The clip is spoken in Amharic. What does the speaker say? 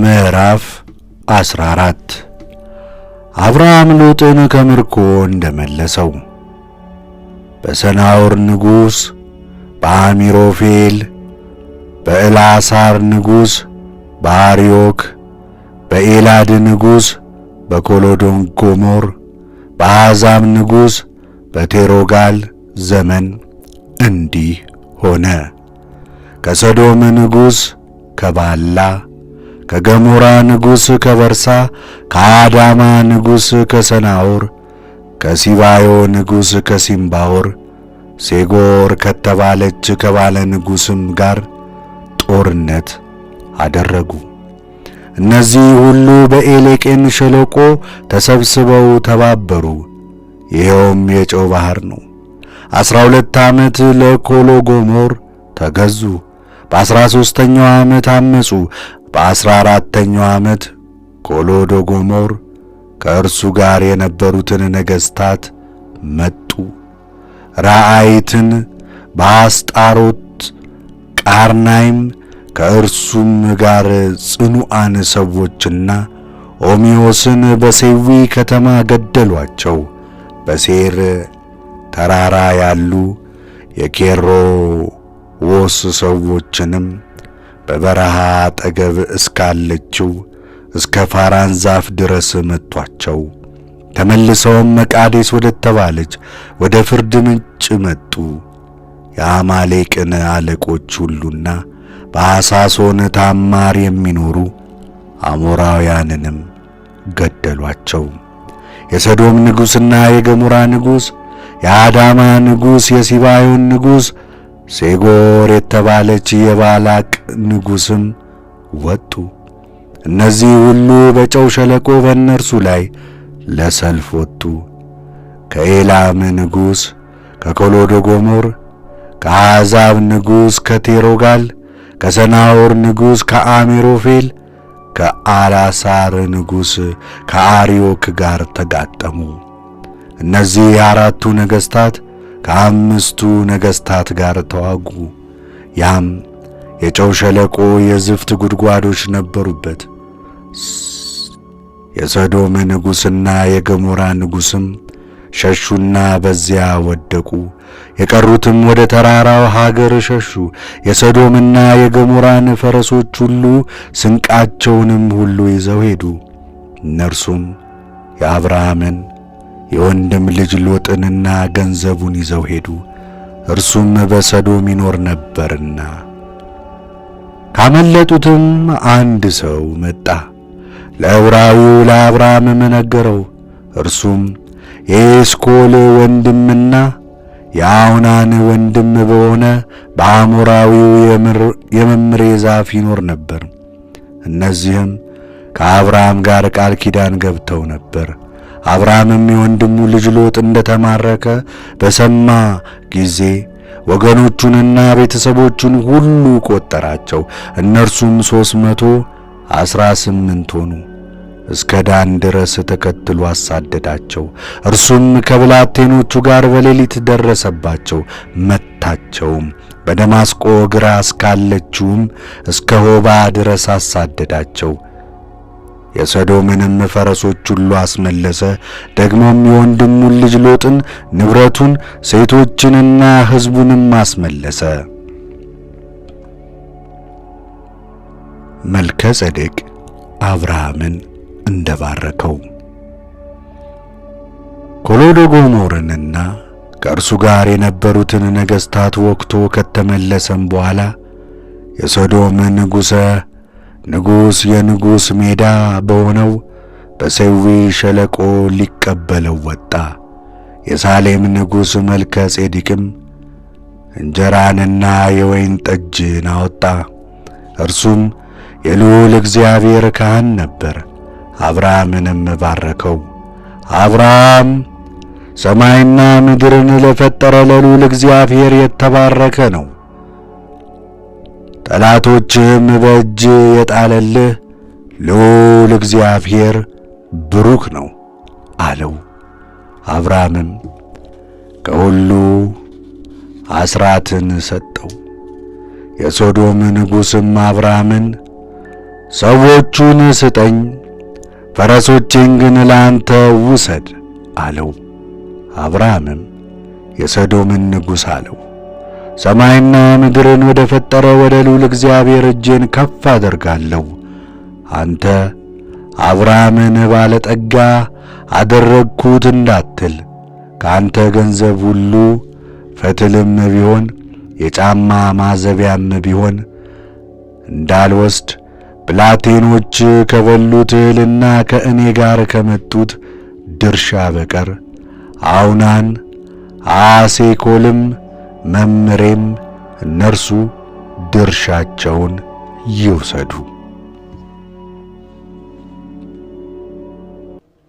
ምዕራፍ 14 አብርሃም ሎጥን ከምርኮ እንደመለሰው። በሰናዖር ንጉሥ በአሚሮፌል በእላሳር ንጉሥ በአርዮክ በኤላድ ንጉሥ በኮሎዶን ጎሞር በአዛም ንጉሥ በቴሮጋል ዘመን እንዲህ ሆነ። ከሰዶም ንጉሥ ከባላ ከገሞራ ንጉሥ ከበርሳ ከአዳማ ንጉሥ ከሰናዖር ከሲባዮ ንጉሥ ከሲምባወር ሴጎር ከተባለች ከባለ ንጉሥም ጋር ጦርነት አደረጉ። እነዚህ ሁሉ በኤሌቄን ሸለቆ ተሰብስበው ተባበሩ። ይኸውም የጨው ባሕር ነው። ዐሥራ ሁለት ዓመት ለኮሎጎሞር ተገዙ። በዐሥራ ሦስተኛው ዓመት አመፁ። በአስራ አራተኛው ዓመት ኮሎዶጎሞር ከእርሱ ጋር የነበሩትን ነገሥታት መጡ። ራአይትን በአስጣሮት ቃርናይም ከእርሱም ጋር ጽኑአን ሰዎችና ኦሚዮስን በሴዊ ከተማ ገደሏቸው። በሴር ተራራ ያሉ የኬሮዎስ ሰዎችንም በበረሃ አጠገብ እስካለችው እስከ ፋራን ዛፍ ድረስ መቷቸው። ተመልሰውም መቃዴስ ወደተባለች ወደ ፍርድ ምንጭ መጡ። የአማሌቅን አለቆች ሁሉና በአሳሶን ታማር የሚኖሩ አሞራውያንንም ገደሏቸው። የሰዶም ንጉሥና የገሞራ ንጉሥ፣ የአዳማ ንጉሥ፣ የሲባዮን ንጉሥ ሴጎር የተባለች የባላቅ ንጉሥም ወጡ። እነዚህ ሁሉ በጨው ሸለቆ በእነርሱ ላይ ለሰልፍ ወጡ። ከኤላም ንጉሥ ከኮሎዶጎሞር፣ ከአሕዛብ ንጉሥ ከቴሮጋል፣ ከሰናዖር ንጉሥ ከአሜሮፌል፣ ከአላሳር ንጉሥ ከአሪዮክ ጋር ተጋጠሙ። እነዚህ አራቱ ነገሥታት ከአምስቱ ነገሥታት ጋር ተዋጉ። ያም የጨው ሸለቆ የዝፍት ጉድጓዶች ነበሩበት። የሰዶም ንጉሥና የገሞራ ንጉሥም ሸሹና በዚያ ወደቁ። የቀሩትም ወደ ተራራው ሀገር ሸሹ። የሰዶምና የገሞራን ፈረሶች ሁሉ ስንቃቸውንም ሁሉ ይዘው ሄዱ። እነርሱም የአብርሃምን የወንድም ልጅ ሎጥንና ገንዘቡን ይዘው ሄዱ፣ እርሱም በሰዶም ይኖር ነበርና። ካመለጡትም አንድ ሰው መጣ፣ ለዕብራዊው ለአብርሃምም ነገረው። እርሱም የኤስኮል ወንድምና የአውናን ወንድም በሆነ በአሞራዊው የመምሬ ዛፍ ይኖር ነበር። እነዚህም ከአብርሃም ጋር ቃል ኪዳን ገብተው ነበር። አብርሃምም የወንድሙ ልጅ ሎጥ እንደተማረከ በሰማ ጊዜ ወገኖቹንና ቤተሰቦቹን ሁሉ ቆጠራቸው። እነርሱም ሦስት መቶ አሥራ ስምንት ሆኑ። እስከ ዳን ድረስ ተከትሎ አሳደዳቸው። እርሱም ከብላቴኖቹ ጋር በሌሊት ደረሰባቸው፣ መታቸውም። በደማስቆ ግራ እስካለችውም እስከ ሆባ ድረስ አሳደዳቸው። የሰዶምንም ፈረሶች ሁሉ አስመለሰ። ደግሞም የወንድሙን ልጅ ሎጥን፣ ንብረቱን፣ ሴቶችንና ሕዝቡንም አስመለሰ። መልከ ጼዴቅ አብርሃምን እንደባረከው ኮሎዶጎሞርንና ከእርሱ ጋር የነበሩትን ነገሥታት ወክቶ ከተመለሰም በኋላ የሰዶም ንጉሠ ንጉሥ የንጉሥ ሜዳ በሆነው በሰዊ ሸለቆ ሊቀበለው ወጣ። የሳሌም ንጉሥ መልከ ጼዴቅም እንጀራንና የወይን ጠጅን አወጣ። እርሱም የልዑል እግዚአብሔር ካህን ነበር። አብርሃምንም ባረከው። አብርሃም ሰማይና ምድርን ለፈጠረ ለልዑል እግዚአብሔር የተባረከ ነው። ጠላቶችህም በእጅ የጣለልህ ልዑል እግዚአብሔር ብሩክ ነው አለው። አብርሃምም ከሁሉ አስራትን ሰጠው። የሶዶም ንጉሥም አብርሃምን ሰዎቹን ስጠኝ፣ ፈረሶቼን ግን ለአንተ ውሰድ አለው። አብርሃምም የሰዶምን ንጉሥ አለው ሰማይና ምድርን ወደ ፈጠረ ወደ ልዑል እግዚአብሔር እጄን ከፍ አደርጋለሁ። አንተ አብርሃምን ባለጠጋ አደረግኩት እንዳትል ከአንተ ገንዘብ ሁሉ ፈትልም ቢሆን የጫማ ማዘቢያም ቢሆን እንዳልወስድ ብላቴኖች ከበሉት እህልና ከእኔ ጋር ከመጡት ድርሻ በቀር አውናን አሴኮልም መምሬም እነርሱ ድርሻቸውን ይውሰዱ።